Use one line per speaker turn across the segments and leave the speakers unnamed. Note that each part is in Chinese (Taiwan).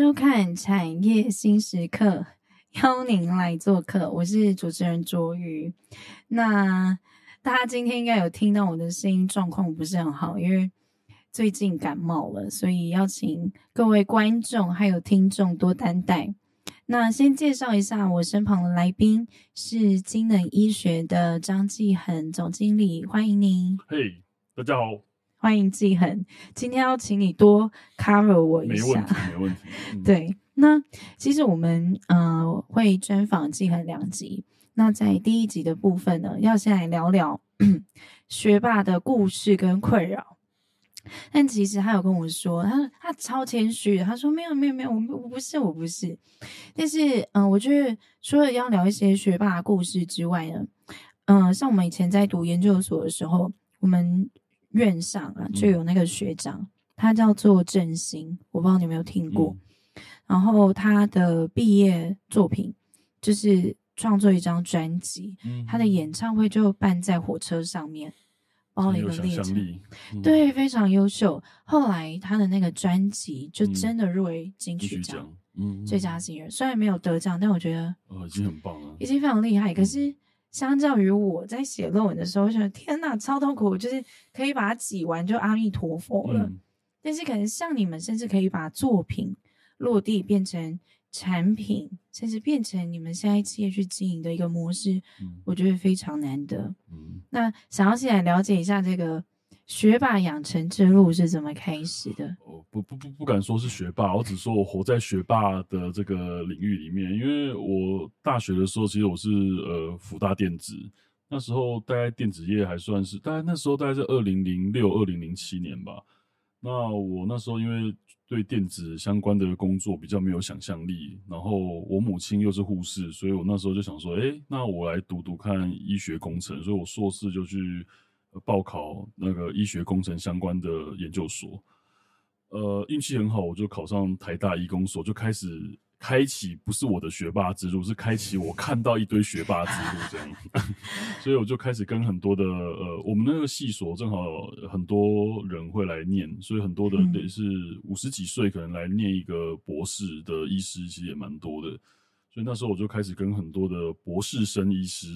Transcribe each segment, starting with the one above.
收看產業心時刻，邀您來做客，我是主持人卓宇。那大家今天應該有聽到我的聲音，狀況不是很好，因為最近感冒了，所以要請各位觀眾還有聽眾多擔待。那先介紹一下，我身旁的來賓是精能醫學的張季衡總經理，歡迎您。
嘿、hey，大家好。
歡迎季衡，今天要請你多 cover 我一下，沒問題，沒問題嗯、對，那其實我們呃會專訪季衡兩集，那在第一集的部分呢，要先來聊聊學霸的故事跟困擾。但其實他有跟我說，他他超謙虛的，他說沒有沒有沒有，我我不是我不是。但是嗯、呃，我覺得除了要聊一些學霸的故事之外呢，嗯、呃，像我們以前在讀研究所的時候，我們。院上啊，就有那個學長，嗯、他叫做鄭興，我不知道你有沒有聽過、嗯。然後他的畢業作品就是創作一張專輯、嗯，他的演唱會就辦在火車上面，包了一個列車。對，非常優秀。後來他的那個專輯就真的入圍金曲獎，
嗯嗯、最
佳新人。雖然沒有得獎，但我覺得、哦、已
經很棒了，已
經非常厲害。嗯、可是相較於我在寫論文的時候，說天吶，超痛苦，就是可以把它擠完就阿彌陀佛了、嗯。但是可能像你們，甚至可以把作品落地變成產品，甚至變成你們現在企業去經營的一個模式、嗯，我覺得非常難得、嗯。那想要先來了解一下這個。學霸養成之路是怎麼開始的？我
不不不，不敢說是學霸，我只說我活在學霸的這個領域裡面。因為我大學的時候，其實我是呃輔大電子，那時候大概電子業還算是大概那時候大概在二零零六二零零七年吧。那我那時候因為對電子相關的工作比較沒有想象力，然後我母親又是護士，所以我那時候就想說，誒、欸，那我來讀讀看醫學工程。所以我碩士就去。報考那個醫學工程相關的研究所，呃，運氣很好，我就考上台大醫工所，就開始開啟不是我的學霸之路，是開啟我看到一堆學霸之路這樣。 所以我就開始跟很多的呃，我們那個系所正好很多人會來念，所以很多的得、嗯、是五十幾歲可能來念一個博士的醫師，其實也蠻多的。所以那時候我就開始跟很多的博士生醫師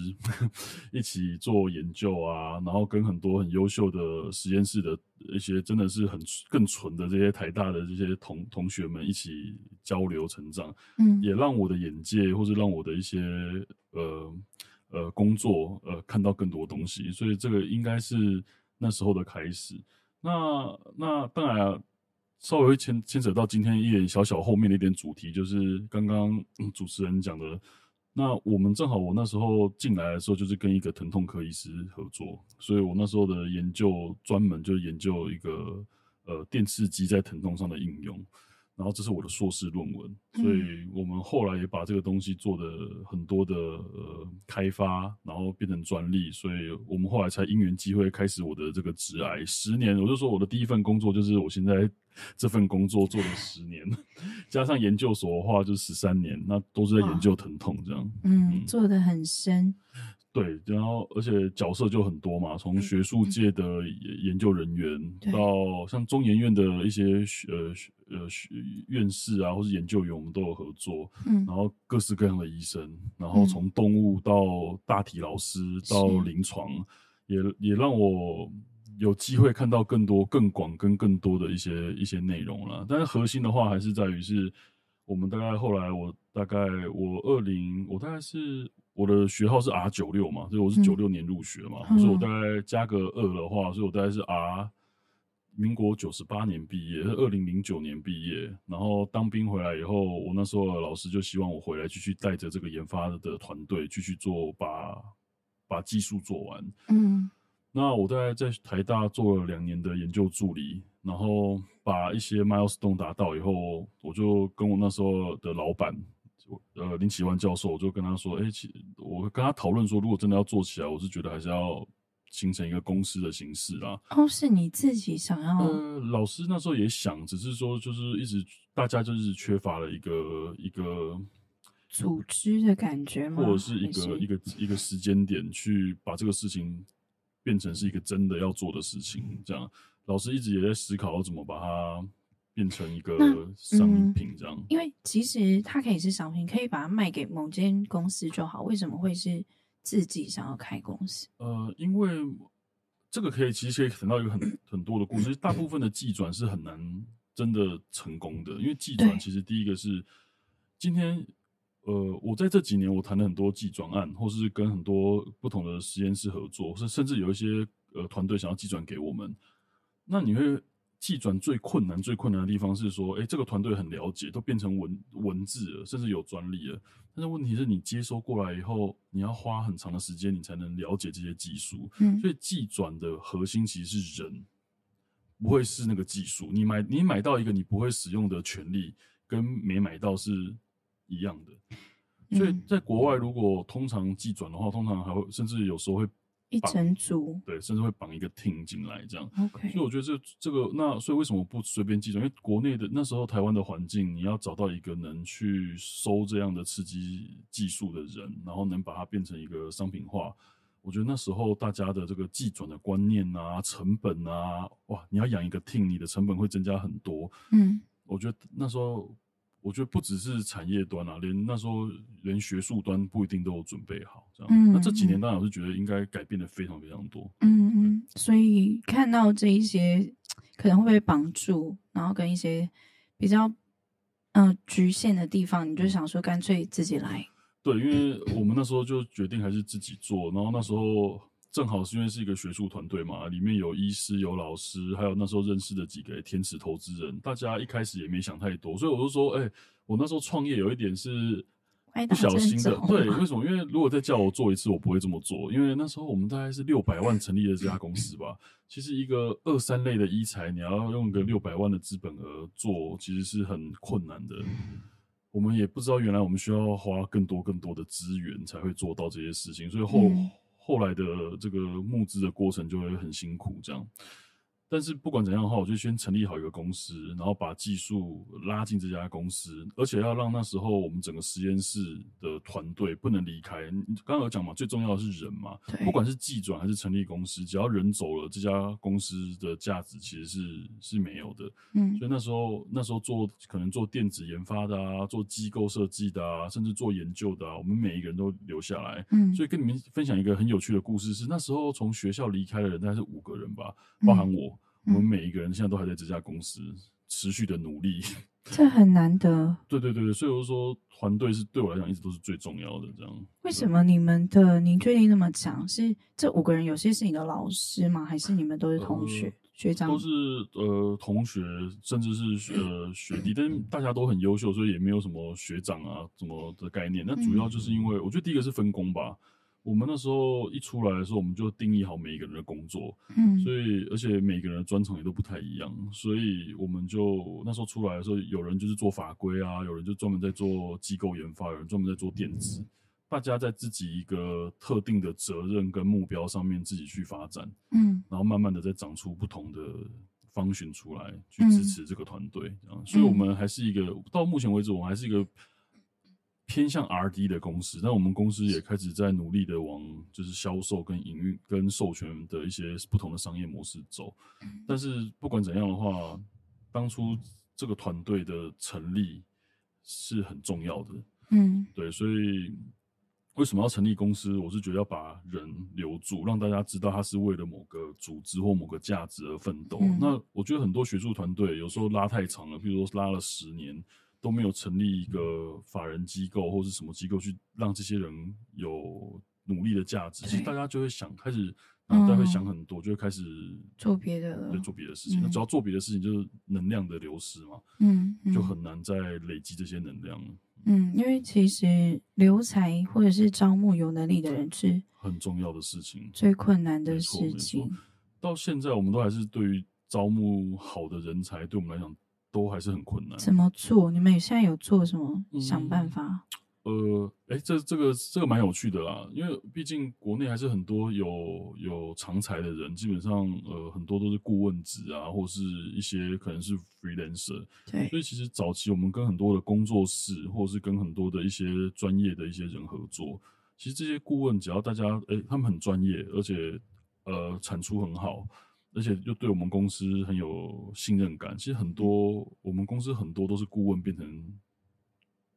一起做研究啊，然後跟很多很優秀的實驗室的一些真的是很更純的這些台大的這些同同學們一起交流成長，嗯，也讓我的眼界或者讓我的一些呃呃工作呃看到更多東西。所以這個應該是那時候的開始。那那當然啊。稍微會牽牽扯到今天一點小小後面的一點主題，就是剛剛、嗯、主持人講的。那我們正好，我那時候進來的時候，就是跟一個疼痛科醫師合作，所以我那時候的研究專門就是研究一個呃電刺激在疼痛上的應用。然後這是我的碩士論文，所以我們後來也把這個東西做的很多的、呃、開發，然後變成專利，所以我們後來才因緣際會開始我的這個治癌十年。我就說我的第一份工作就是我現在這份工作做了十年， 加上研究所的話就是十三年，那都是在研究疼痛這樣。
啊、嗯、嗯，做的很深。
對，然後而且角色就很多嘛，從學術界的研究人員到像中研院的一些呃學呃呃院士啊，或是研究員，我們都有合作，嗯。然後各式各樣的醫生，然後從動物到大體老師到臨床，也也讓我有機會看到更多、更廣、跟更多的一些一些內容了。但是核心的話還是在於是，我們大概後來我大概我二零我大概是。我的學號是 R 九六嘛，所以我是九六年入學嘛，嗯，所以我大概加個二的話，所以我大概是 R 民國九十八年畢業，是二零零九年畢業。然後當兵回來以後，我那時候老師就希望我回來繼續帶着這個研發的團隊繼續做，把把技術做完。嗯，那我大概在台大做了兩年的研究助理，然後把一些 milestone 達到以後，我就跟我那時候的老闆。呃，林啟安教授，我就跟他說，哎、欸，其我跟他討論說，如果真的要做起來，我是覺得還是要形成一個公司的形式啦。
哦，是你自己想要？呃、嗯，
老師那時候也想，只是說就是一直大家就是缺乏了一個一個組織
的感覺嘛，或者是一個是一
個一個時間點去把這個事情變成是一個真的要做的事情這樣。老師一直也在思考怎麼把它。變成一個商品，品這樣。嗯，因
為其實它可以是商品，可以把它賣給某間公司就好。為什麼會是自己想要開公
司？呃，因為這個可以其實可以談到一個很很多的故事。嗯，大部分的技轉是很難真的成功的，因為技轉其實第一個是今天呃，我在這幾年我談了很多技轉案，或是跟很多不同的實驗室合作，甚甚至有一些呃團隊想要技轉給我們，那你會。技轉最困難、最困難的地方是說，誒、欸，這個團隊很了解，都變成文文字了，甚至有專利了。但是問題是你接收過來以後，你要花很長的時間，你才能了解這些技術。嗯。所以技轉的核心其實是人，不會是那個技術。你買你買到一個你不會使用的權利，跟沒買到是一樣的。嗯。所以在國外，如果通常技轉的話，通常還會，甚至有時候會。綁組對，甚至會綁一個 team 進來這樣。OK，所以我覺得這這個那，所以為什麼不隨便技轉？因為國內的那時候台灣的環境，你要找到一個能去收這樣的刺激技術的人，然後能把它變成一個商品化，我覺得那時候大家的這個技轉的觀念啊，成本啊，哇，你要養一個 team，你的成本會增加很多。嗯，我覺得那時候。我覺得不只是產業端啊，連那時候連學術端不一定都有準備好這樣、嗯。那這幾年，當然我是覺得應該改變的非常非常多。嗯嗯。
所以看到這一些可能會被綁住，然後跟一些比較嗯、呃、局限的地方，你就想說乾脆自己來。
對，因為我們那時候就決定還是自己做，然後那時候正好是因為是一個學術團隊嘛，裡面有醫師、有老師，還有那時候認識的幾個天使投資人。大家一開始也沒想太多，所以我就說：“哎、欸，我那時候創業有一點是不小心的。”對，為什麼？因為如果再叫我做一次，我不會這麼做。因為那時候我們大概是六百萬成立了這家公司吧。 其實一個二三類的醫材，你要用個六百萬的資本額做，其實是很困難的、嗯。我們也不知道原來我們需要花更多更多的資源才會做到這些事情，所以後。嗯後來的這個募資的過程就會很辛苦，這樣。但是不管怎樣的話，我就先成立好一個公司，然後把技術拉進這家公司，而且要讓那時候我們整個實驗室的團隊不能離開。你剛剛有講嘛，最重要的是人嘛，不管是技轉還是成立公司，只要人走了，這家公司的價值其實是是沒有的。嗯，所以那時候那時候做可能做電子研發的啊，做機構設計的啊，甚至做研究的啊，我們每一個人都留下來。嗯，所以跟你們分享一個很有趣的故事是，是那時候從學校離開的人大概是五個人吧，包含我。嗯嗯、我們每一個人現在都還在這家公司持續的努力，
這很難得。
對對對對，所以我說團隊是對我來講一直都是最重要的。這樣，
為什麼你們的凝聚力那麼強？是這五個人有些是你的老師嗎？還是你們都是同學、呃、學長？都是
呃同學，甚至是呃學弟，但大家都很優秀，所以也沒有什麼學長啊什麼的概念。那、嗯、主要就是因為我覺得第一個是分工吧。我們那時候一出來的時候，我們就定義好每一個人的工作，嗯，所以而且每一個人的專長也都不太一樣，所以我們就那時候出來的時候，有人就是做法規啊，有人就專門在做機構研發，有人專門在做電子，嗯、大家在自己一個特定的責任跟目標上面自己去發展，嗯，然後慢慢的再長出不同的 function 出來去支持這個團隊、嗯，啊，所以我們還是一個、嗯、到目前為止我們還是一個偏向 R&D 的公司，但我們公司也開始在努力的往就是銷售跟營運跟授權的一些不同的商業模式走。但是不管怎樣的話，當初這個團隊的成立是很重要的。嗯，對，所以為什麼要成立公司？我是覺得要把人留住，讓大家知道他是為了某個組織或某個價值而奮鬥。嗯，那我覺得很多學術團隊有時候拉太長了，比如說拉了十年。都沒有成立一個法人機構或是什麼機構，去讓這些人有努力的價值。其實大家就會想開始，大家會想很多，嗯、就會開始做
別的了對，做別的事情。嗯、那只要
做別的事情，就是能量的流失嘛嗯。嗯，
就很
難再累積這些能量。嗯，
因為其實留才或者是招募有能力的人是
很重要的事情，最
困難的事情。
到現在，我們都還是對於招募好的人才，對我們來講。都還是很困
難。怎
麼做？你們現在有做什麼？想辦法。嗯、呃，哎，這這個這個蠻有趣的啦，因為畢竟國內還是很多有有長才的人，基本上呃很多都是顧問職啊，或者是一些可能是 freelancer。對。所以其實早期我們跟很多的工作室，或者是跟很多的一些專業的一些人合作。其實這些顧問，只要大家哎他們很專業，而且呃產出很好。而且又對我們公司很有信任感。其實很多我們公司很多都是顧問變成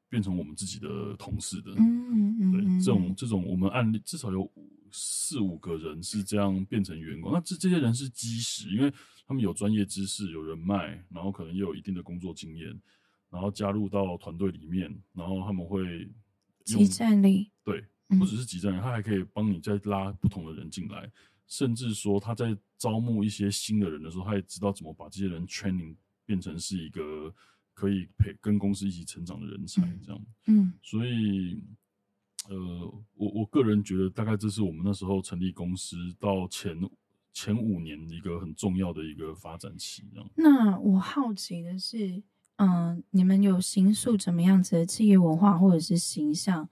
變成我們自己的同事的。嗯，對，嗯、這種這種我們案例至少有四五個人是這樣變成員工。那這這些人是基石，因為他們有專業知識、有人脈，然後可能也有一定的工作經驗，然後加入到團隊裡面，然後他們會有即戰力，對、嗯，不只是即戰力，他還可以幫你再拉不同的人進來。甚至說他在招募一些新的人的時候，他也知道怎麼把這些人 training 變成是一個可以陪跟公司一起成長的人才這樣。嗯，所以，呃，我我個人覺得，大概這是我們那時候成立公司到前前五年一個很重要的一個發展期這樣。那
我好奇的是，嗯、呃，你們有形塑怎麼樣子的企業文化或者是形象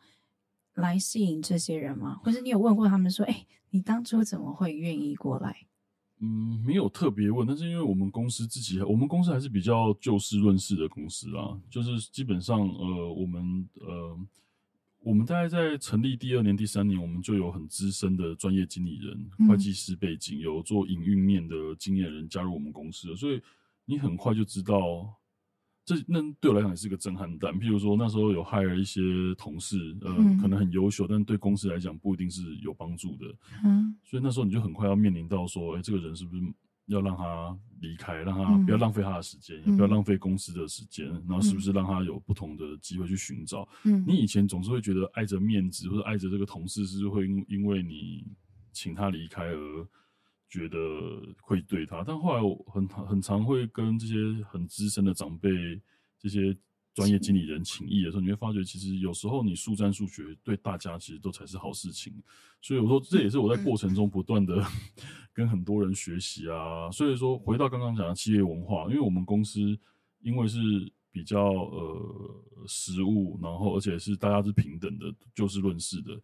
來吸引這些人嗎？或是你有問過他們說，哎、欸？你當初怎麼會願意過來？
嗯，沒有特別問，但是因為我們公司自己，我們公司還是比較就事論事的公司啦。就是基本上，呃，我們，呃，我們大概在成立第二年、第三年，我們就有很資深的專業經理人、嗯、會計師背景，有做營運面的經驗人加入我們公司，所以你很快就知道。這那對我來講也是個震撼彈。譬如說那時候有 hire 了一些同事，呃、嗯，可能很優秀，但對公司來講不一定是有幫助的。嗯，所以那時候你就很快要面臨到說，哎，這個人是不是要讓他離開，讓他不要浪費他的時間，嗯、也不要浪費公司的時間、嗯，然後是不是讓他有不同的機會去尋找？嗯，你以前總是會覺得礙著面子或者礙著這個同事，是會因因為你請他離開而。覺得會對他，但後來我很很常會跟這些很資深的長輩、這些專業經理人請益的時候，你會發覺，其實有時候你速戰速決對大家其實都才是好事情。所以我說，這也是我在過程中不斷的 跟很多人學習啊。所以說，回到剛剛講的企業文化，因為我們公司因為是比較呃實務，然後而且是大家是平等的，就事、是、論事的，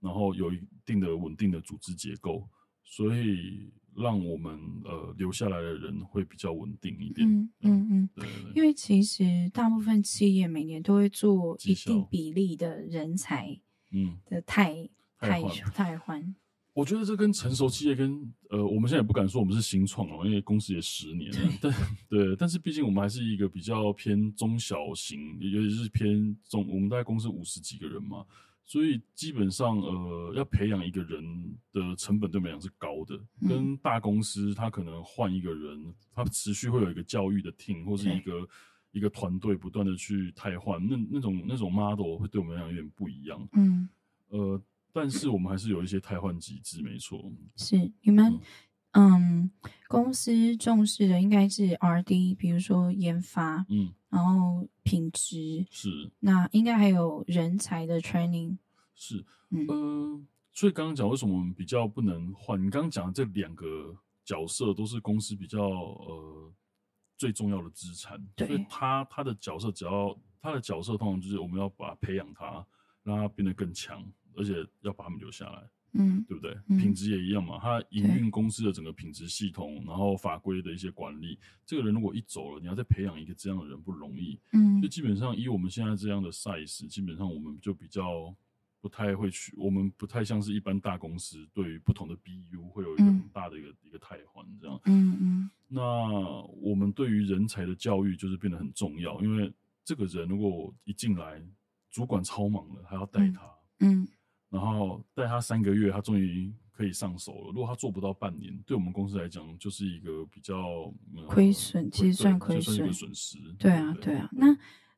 然後有一定的穩定的組織結構。所以，讓我們呃留下來的人會比較穩定一點。嗯
嗯嗯，對。因為其實大部分企業每年都會做一定比例的人才的汰汰汰換。
我覺得這跟成熟企業跟呃，我們現在也不敢說我們是新創、哦、因為公司也十年了。但對，但是畢竟我們還是一個比較偏中小型，尤其是偏中，我們大概公司五十幾個人嘛。所以基本上，呃，要培養一個人的成本對我們來講是高的，嗯。跟大公司，他可能換一個人，他持續會有一個教育的 team 或是一個一個團隊不斷的去汰換。那那種那種 model 會對我們來講有點不一樣。嗯，呃，但是我們還是有一些汰換機制，沒錯。
是你們。嗯嗯，公司重視的應該是 R&D，比如說研發，嗯，然後品質是，那應該還有人才的 training，
是嗯，嗯，所以剛剛講為什麼我們比較不能換？你剛剛講的這兩個角色都是公司比較呃最重要的資產，對，所以他他的角色只要他的角色，通常就是我們要把他培養他，讓他變得更強，而且要把他們留下來。嗯，對不對、嗯？品質也一樣嘛。他營運公司的整個品質系統，然後法規的一些管理，這個人如果一走了，你要再培養一個這樣的人不容易。嗯，就基本上以我們現在這樣的 size，基本上我們就比較不太會去，我們不太像是一般大公司對於不同的 BU 會有一個很大的一個、嗯、一個汰換這樣。嗯嗯。那我們對於人才的教育就是變得很重要，因為這個人如果一進來，主管超忙了還要帶他，嗯。嗯然後帶他三個月，他終於可以上手了。如果他做不到半年，對我們公司來講就是一個比較虧損，其實算虧損，損失。
對啊，對啊。那，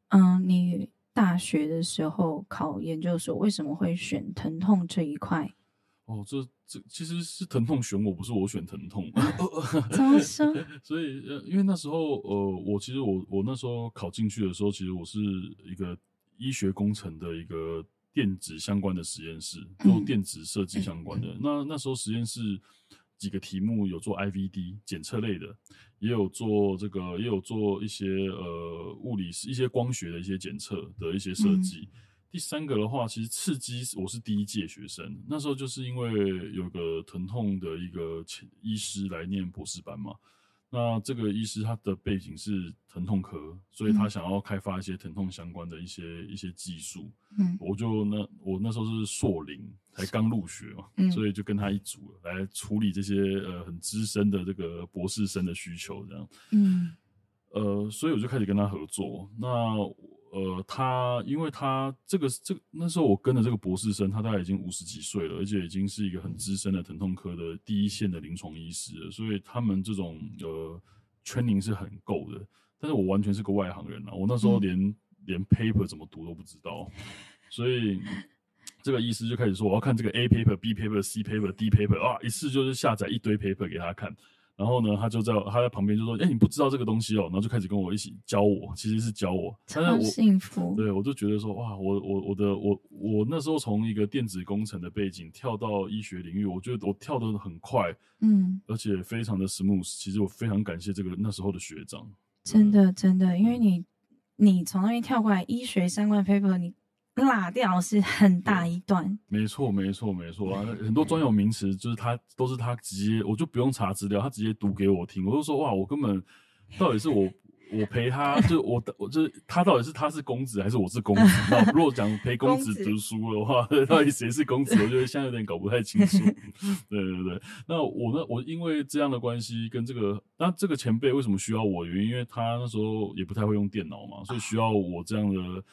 嗯、呃，你大學的時候考研究所，為什麼會選疼痛這一塊？
哦，這這其實是疼痛選我，不是我選疼痛。怎 麼說？所以，呃，因為那時候，呃，我其實我我那時候考進去的時候，其實我是一個醫學工程的一個。電子相關的實驗室，做電子設計相關的。嗯、那那時候實驗室幾個題目有做 IVD 檢測類的，也有做這個，也有做一些呃物理一些光學的一些檢測的一些設計，嗯。第三個的話，其實刺激我是第一屆學生，那時候就是因為有個疼痛的一個醫師來唸博士班嘛。那這個醫師他的背景是疼痛科，所以他想要開發一些疼痛相關的一些一些技術、嗯。我就那我那時候是碩零，才剛入學嘛、嗯，所以就跟他一組來處理這些呃很資深的這個博士生的需求這樣。嗯，呃，所以我就開始跟他合作。那我。呃，他，因為他這個，這個那時候我跟的這個博士生，他大概已經五十幾歲了，而且已經是一個很資深的疼痛科的第一線的臨床醫師了，所以他們這種呃 training 是很夠的。但是我完全是個外行人啊，我那時候連、嗯、連 paper 怎麼讀都不知道，所以這個醫師就開始說，我要看這個 A paper、B paper、C paper、D paper 啊，一次就是下載一堆 paper 給他看。然後呢，他就在他在旁邊就說：“哎，你不知道這個東西哦。”然後就開始跟我一起教我，其實是教我。超幸福。我，對，我就覺得說：“哇，我我我的我我那時候從一個電子工程的背景跳到醫學領域，我覺得我跳得很快，嗯，而且非常的 smooth。其實我非常感謝這個那時候的學長。
真的真的，因為你你從那邊跳過來，醫學相關 paper 你。拉掉是很大一段，
沒錯，沒錯，沒錯，啊。很多專有名詞就是他都是他直接，我就不用查資料，他直接讀給我聽。我就說哇，我根本到底是我 我陪他，就我我就是他到底是他是公子還是我是公子？ 那如果講陪公子讀書的話， 公子 到底誰是公子？我覺得現在有點搞不太清楚。 對對對，那我呢？我因為這樣的關係跟這個，那這個前輩為什麼需要我？原因因為他那時候也不太會用電腦嘛，所以需要我這樣的。啊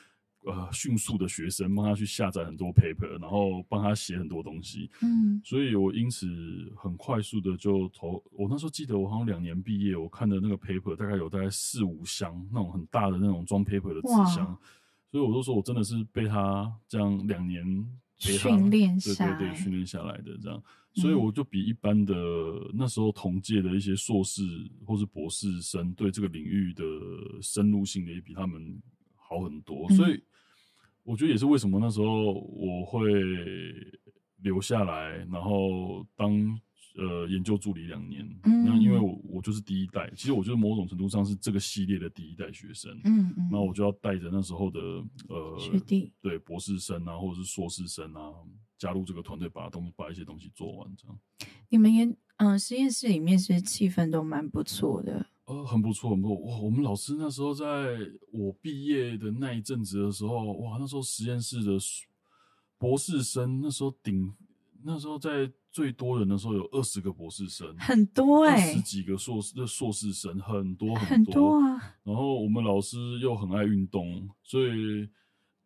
呃，迅速的學生幫他去下載很多 paper，然後幫他寫很多東西。嗯，所以我因此很快速的就投。我那時候記得我好像兩年畢業，我看的那個 paper 大概有大概四五箱那種很大的那種裝 paper 的紙箱。所以我都說我真的是被他這樣兩年訓練下來，對對對，訓練下來的這樣。所以我就比一般的那時候同屆的一些碩士或是博士生對這個領域的深入性也比他們好很多。嗯，所以。我覺得也是為什麼那時候我會留下來，然後當呃研究助理兩年。嗯,嗯，那因為我我就是第一代，其實我覺得某種程度上是這個系列的第一代學生。嗯嗯，那我就要帶着那時候的呃，學弟對博士生啊，或者是碩士生啊，加入這個團隊，把東西把一些東西做完這樣。
你們研嗯、呃、實驗室裡面其實氣氛都蠻不錯的。嗯
呃、哦，很不錯，很不錯，哇！我們老師那時候在我畢業的那一陣子的時候，哇，那時候實驗室的博士生那時候頂，那時候在最多人的時候有二十個博士生，很
多哎、欸，十幾
個碩士的碩士生很多很多哇、啊。然後我們老師又很愛運動，所以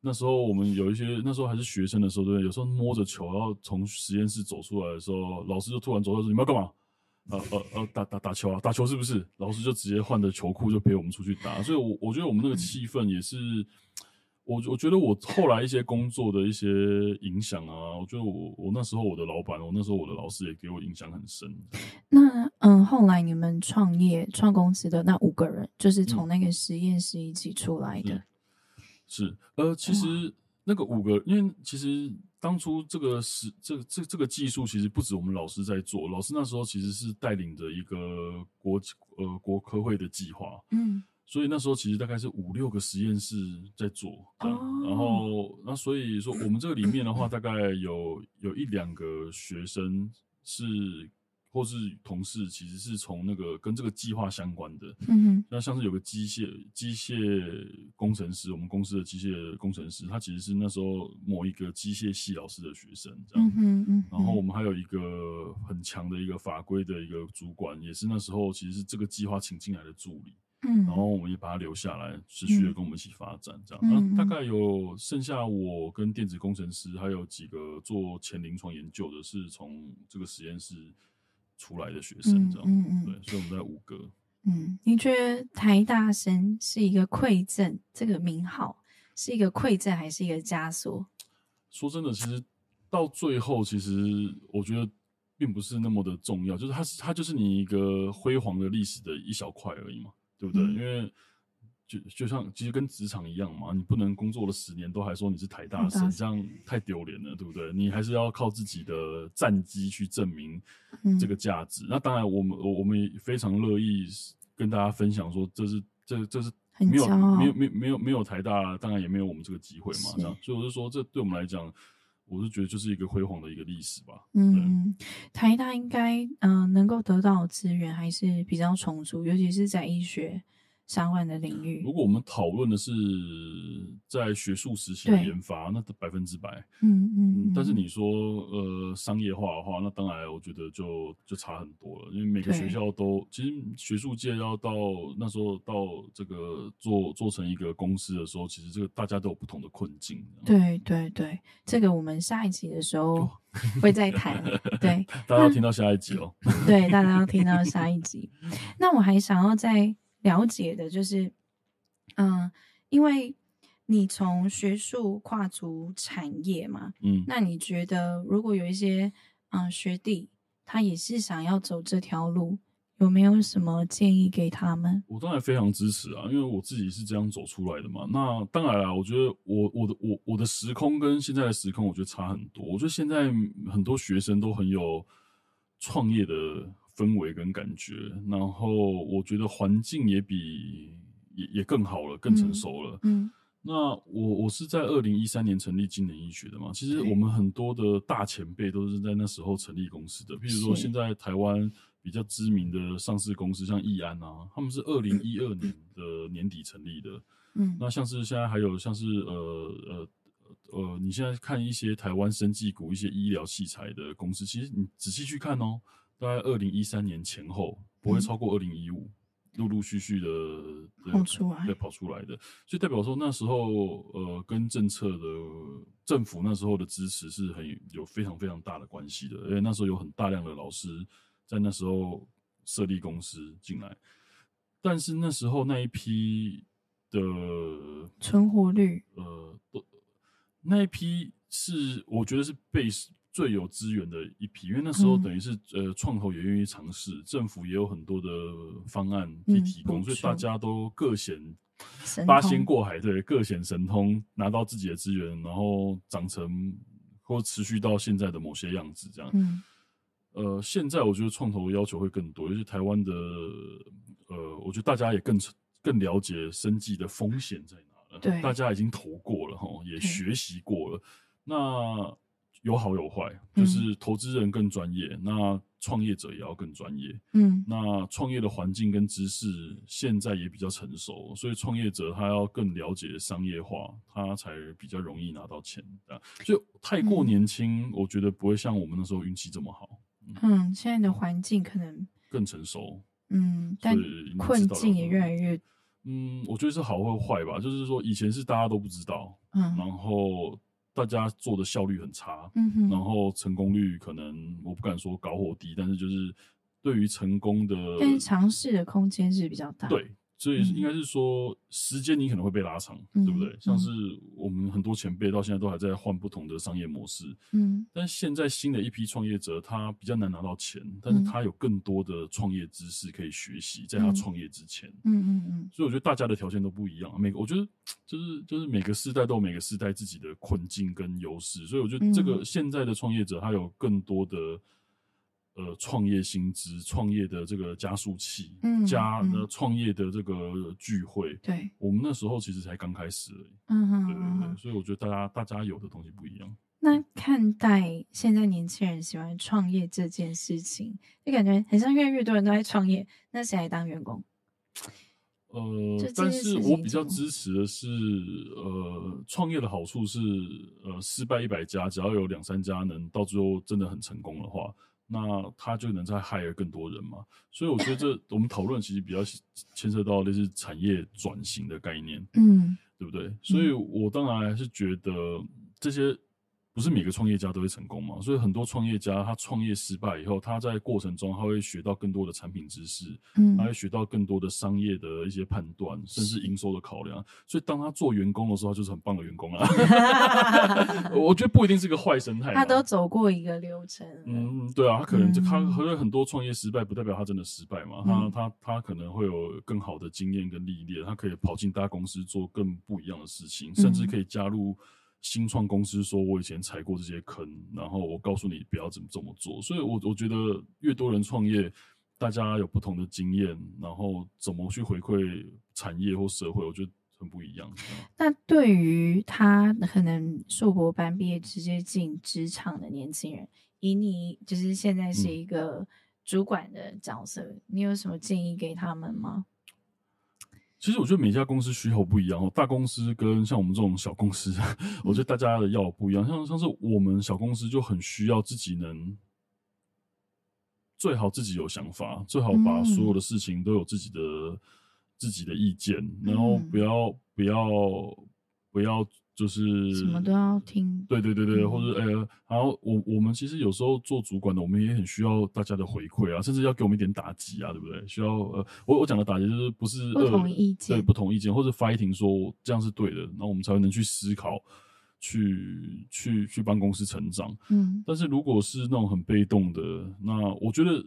那時候我們有一些那時候還是學生的時候，對，有時候摸着球然後從實驗室走出來的時候，老師就突然走來說：“你們要幹嘛？”呃呃呃，打打打球啊，打球是不是？老師就直接換的球褲就陪我們出去打，所以我，我我覺得我們那個氣氛也是，嗯、我我覺得我後來一些工作的一些影響啊，我覺得我我那時候我的老板，我那時候我的老師也給我影響很深。
那嗯、呃，後來你們創業創公司的那五個人，就是從那個實驗室一起出來的。
嗯、是，呃，其實那個五個，因為其實。當初這個是這個、這個、這個技術，其實不止我們老師在做，老師那時候其實是帶領着一個國呃國科會的計劃，嗯，所以那時候其實大概是五六個實驗室在做，啊哦、然後那所以說我們這個裡面的話，大概有有一兩個學生是。或是同事其實是從那個跟這個計劃相關的，嗯哼，那像是有個機械機械工程師，我們公司的機械工程師，他其實是那時候某一個機械系老師的學生，這樣，嗯哼，嗯哼，然後我們還有一個很強的一個法規的一個主管，也是那時候其實是這個計劃請進來的助理，嗯，然後我們也把他留下來，持續的跟我們一起發展，嗯，這樣，嗯，那大概有剩下我跟電子工程師，還有幾個做前臨床研究的是從這個實驗室。出來的學生這樣，嗯嗯嗯、對，所以我們在五個嗯，
你覺得台大生是一個饋贈，這個名號是一個饋贈還是一個枷
鎖？說真的，其實到最後，其實我覺得並不是那麼的重要，就是它，它就是你一個輝煌的歷史的一小塊而已嘛，對不對？嗯、因為。就就像其實跟職場一樣嘛，你不能工作了十年都還說你是台大生，這樣太丟臉了，對不對？你還是要靠自己的戰績去證明這個價值，嗯。那當然，我們我們也非常樂意跟大家分享說這，這是這這是沒有很沒有沒有沒有沒有台大，當然也沒有我們這個機會嘛，這樣。所以我就說，這對我們來講，我是覺得就是一個輝煌的一個歷史吧。
嗯，台大應該嗯、呃、能夠得到資源還是比較充足，尤其是在醫學相關的領域，如果我
們討論的是在學術時期的研發，那的百分之百，嗯嗯，嗯。但是你說呃商業化的話，那當然我覺得就就差很多了，因為每個學校都其實學術界要到那時候到這個做做成一個公司的時候，其實這個大家都有不同的困境。對
對對，這個我們下一期的時候會再談。哦、 對，
大家要聽到下一集哦。
對，大家要聽到下一集。 那我還想要再。了解的就是，嗯、呃，因為你從學術跨足產業嘛，嗯，那你覺得如果有一些嗯、呃、學弟他也是想要走這條路，有沒有什麼建議給他們？
我當然非常支持啊，因為我自己是這樣走出來的嘛。那當然了、啊，我覺得我我的我我的時空跟現在的時空，我覺得差很多。我覺得現在很多學生都很有創業的。氛圍跟感覺，然後我覺得環境也比也也更好了，更成熟了。嗯嗯、那我我是在二零一三年成立精能醫學的嘛。其實我們很多的大前輩都是在那時候成立公司的。譬如說，現在台灣比較知名的上市公司，像易安啊，他們是二零一二年的年底成立的、嗯。那像是現在還有像是呃呃呃，你現在看一些台灣生技股、一些醫療器材的公司，其實你仔細去看哦。大概二零一三年前後，不會超過二零一五，陸陸續續的跑出來，對，跑出來的，所以代表說那時候，呃，跟政策的政府那時候的支持是很有非常非常大的關係的，而且那時候有很大量的老師在那時候設立公司進來，但是那時候那一批的存活率，呃，都那一批是我覺得是被。最有資源的一批，因為那時候等於是、嗯、呃，創投也願意嘗試，政府也有很多的方案去提供、嗯去，所以大家都各顯八仙過海，對，各顯神通，拿到自己的資源，然後長成或持續到現在的某些樣子這樣。嗯、呃，現在我覺得創投的要求會更多，尤其台灣的，呃，我覺得大家也更更了解生技的風險在哪了，對，大家已經投過了哈，也學習過了，那。有好有壞，就是投資人更專業，嗯、那創業者也要更專業。嗯，那創業的環境跟知識現在也比較成熟，所以創業者他要更了解商業化，他才比較容易拿到錢。就太過年輕、嗯，我覺得不會像我們那時候運氣這麼好。嗯，嗯
現在的環境可能
更成熟。嗯，
但困境也越來越。
嗯，我覺得是好或壞吧，就是說以前是大家都不知道。嗯，然後。大家做的效率很差，嗯哼，然後成功率可能我不敢說高或低，但是就是對於成功的，對
嘗試的空間是比較大，對。
所以應該是說，時間你可能會被拉長，嗯、對不對、嗯？像是我們很多前輩到現在都還在換不同的商業模式，嗯。但是現在新的一批創業者，他比較難拿到錢、嗯，但是他有更多的創業知識可以學習，在他創業之前，嗯嗯嗯。所以我覺得大家的條件都不一樣，嗯、每個我覺得就是就是每個時代都有每個時代自己的困境跟優勢，所以我覺得這個現在的創業者他有更多的。呃，創業薪資、創業的這個加速器，嗯，加呢，創業的這個聚會、嗯，對，我們那時候其實才剛開始，嗯
哼，對對
對，所以我覺得大家大家有的東西不一樣。
嗯、那看待現在年輕人喜歡創業這件事情，就感覺好像，越來越多人都在創業，那誰來當員工？
呃，但是我比較支持的是，呃，創業的好處是，呃，失敗一百家，只要有兩三家能到最後真的很成功的話。那它就能再害了更多人嘛。所以我覺得這 我們討論其實比較牽涉到那些產業轉型的概念，嗯，對不對？所以我當然還是覺得這些。不是每個創業家都會成功嘛，所以很多創業家他創業失敗以後，他在過程中他會學到更多的產品知識，嗯，他會學到更多的商業的一些判斷，甚至營收的考量。所以當他做員工的時候，他就是很棒的員工啊。 我覺得不一定是個壞生態。他都
走過一個流程。
嗯，對啊，他可能就他很多創業失敗，不代表他真的失敗嘛。嗯、他他他可能會有更好的經驗跟歷練，他可以跑進大公司做更不一樣的事情，嗯、甚至可以加入。新創公司說：“我以前踩過這些坑，然後我告訴你不要怎麼這麼做。”所以我，我我覺得越多人創業，大家有不同的經驗，然後怎麼去回饋產業或社會，我覺得很不一樣。嗯、
那對於他可能碩博班畢業直接進職場的年輕人，以你就是現在是一個主管的角色，嗯、你有什麼建議給他們嗎？
其實我覺得每家公司需求不一樣哦，大公司跟像我們這種小公司，我覺得大家要的不一樣。像像是我們小公司就很需要自己能，最好自己有想法，最好把所有的事情都有自己的，嗯、自己的意見，然後不要不要不要。不要就是什麼
都要聽，對
對對對，嗯、或者呃，然、欸、後我我們其實有時候做主管的，我們也很需要大家的回饋啊，甚至要給我們一點打擊啊，對不對？需要呃，我我講的打擊就是不是不同意見，對、呃、不同意見或者發一停說這樣是對的，那我們才能去思考，去去去幫公司成長。嗯，但是如果是那種很被動的，那我覺得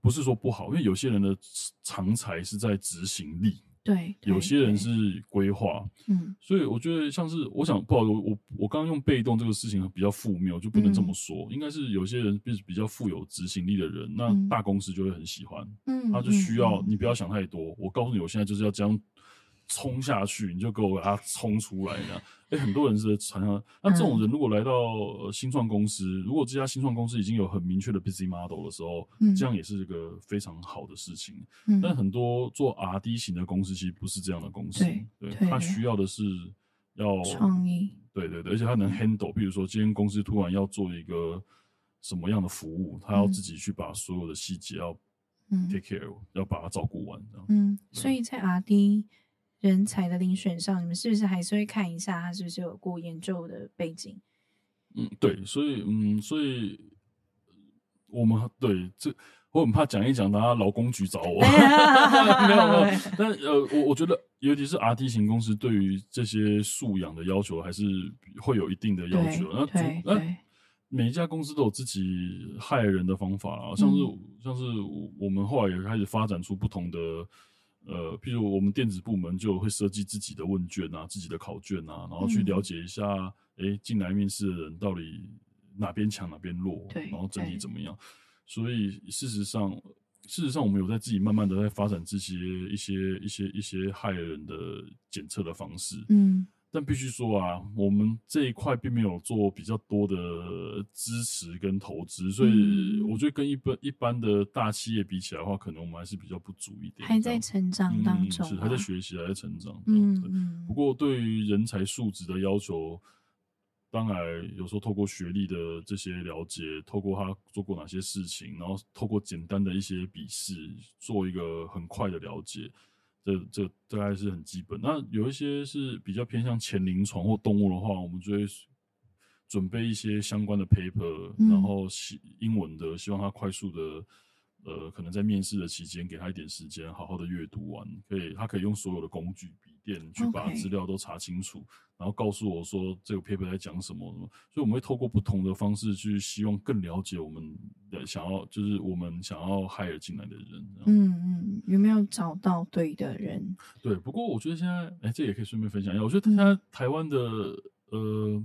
不是說不好，因為有些人的長才是在執行力。
對，對，對，對，有些人
是規劃，嗯，所以我覺得像是我想，不好，我我剛剛用被動這個事情比較負面，我就不能這麼說，嗯、應該是有些人就是比較富有執行力的人，那大公司就會很喜歡，嗯，他就需要，你不要、嗯，嗯，他就需要，嗯、你不要想太多，我告訴你，我現在就是要這樣。衝下去，你就給我把它衝出來，這樣。哎、欸，很多人是常常，那這種人如果來到呃新創公司、嗯，如果這家新創公司已經有很明確的 business model 的時候，嗯，這樣也是一個非常好的事情。嗯、但很多做 R&D 型的公司其實不是這樣的公司，對、嗯、對。它需要的是要創意，對對對，而且他能 handle，比如說今天公司突然要做一個什麼樣的服務，嗯、他要自己去把所有的細節要 take care，、嗯、要把它照顧完，這、嗯、
樣。嗯，所以在 R&D 人才的遴選上，你們是不是還是會看一下他是不是有過研究的背景？
嗯，對，所以嗯，所以我們對這，我很怕講一講，他勞工局找我， 沒有沒了有。 但呃，我我覺得，尤其是 R T 型公司，對於這些素養的要求，還是會有一定的要求。對，那對對、呃、每一家公司都有自己害人的方法啊！嗯，像是像是我們後來也開始發展出不同的。呃，譬如我們電子部門就會設計自己的問卷啊，自己的考卷啊，然後去了解一下，哎、嗯，進來面試的人到底哪邊強哪邊弱，對，然後整體怎麼樣。所以事實上，事實上我們有在自己慢慢的在發展這些一些一些一些害人的檢測的方式，嗯。但必須說啊，我們這一塊並沒有做比較多的支持跟投資、嗯，所以我覺得跟一般一般的大企業比起來的話，可能我們還是比較不足一點，還在
成長當中、啊嗯，是還在學
習，還在成長。嗯嗯。不過對於人才素質的要求，當然有時候透過學歷的這些了解，透過他做過哪些事情，然後透過簡單的一些筆試，做一個很快的了解。這這大概是很基本。那有一些是比較偏向前臨床或動物的話，我們就會準備一些相關的 paper，嗯，然後英文的，希望他快速的，呃，可能在面試的期間給他一點時間，好好的閱讀完，可以，他可以用所有的工具。去把資料都查清楚，Okay. 然後告訴我說這個 paper 在講什麼，什麼，所以我們會透過不同的方式去希望更了解我們的想要，就是我們想要 hire 進來的人。嗯
嗯，有沒有找到對的人？
對，不過我覺得現在，哎，這也可以順便分享一下，我覺得現在、嗯、台灣的，呃，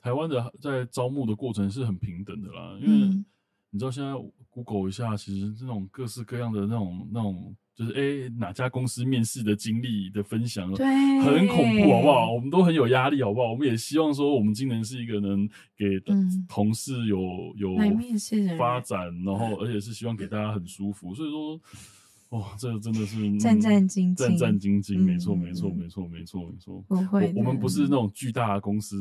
台灣的在招募的過程是很平等的啦，因為你知道現在 Google 一下，其實這種各式各樣的那種那種。就是誒，哪家公司面試的經歷的分享，對，很恐怖，好不好？我們都很有壓力，好不好？我們也希望說，我們今年是一個能給同事有、嗯、有
面試發
展，然後而且是希望給大家很舒服，所以說。 哇、哦，這個真的是、嗯、戰戰兢兢、嗯，戰戰兢兢，沒錯、嗯，沒錯，沒錯、嗯，沒錯，沒錯。不會我，我們不是那種巨大的公司，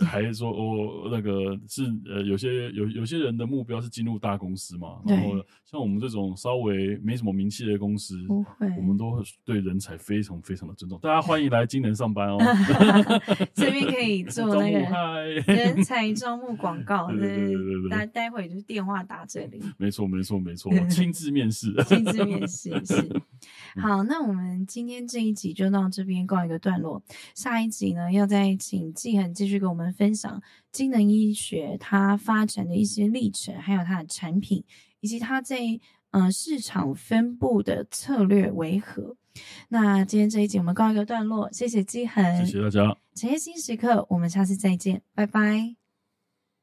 嗯、還是說哦，那個是呃，有些有有些人的目標是進入大公司嘛。然後像我們這種稍微沒什麼名氣的公司，我們都對人才非常非常的尊重。大家歡迎來精能上班哦。 這邊可以做那個人
才招募廣告。 對對對對對。待待會就是電話打這裡。
沒、嗯、錯，沒錯，沒錯。親自面試，親 自面試。 是
是，好，那我們今天這一集就到這邊告一個段落。下一集呢，要再請季衡繼續跟我們分享精能醫學它發展的一些歷程，還有它的產品，以及它在、呃、市場分布的策略為何。那今天這一集我們告一個段落，謝謝季衡，謝謝大家，產業心時刻，我們下次再見，拜拜。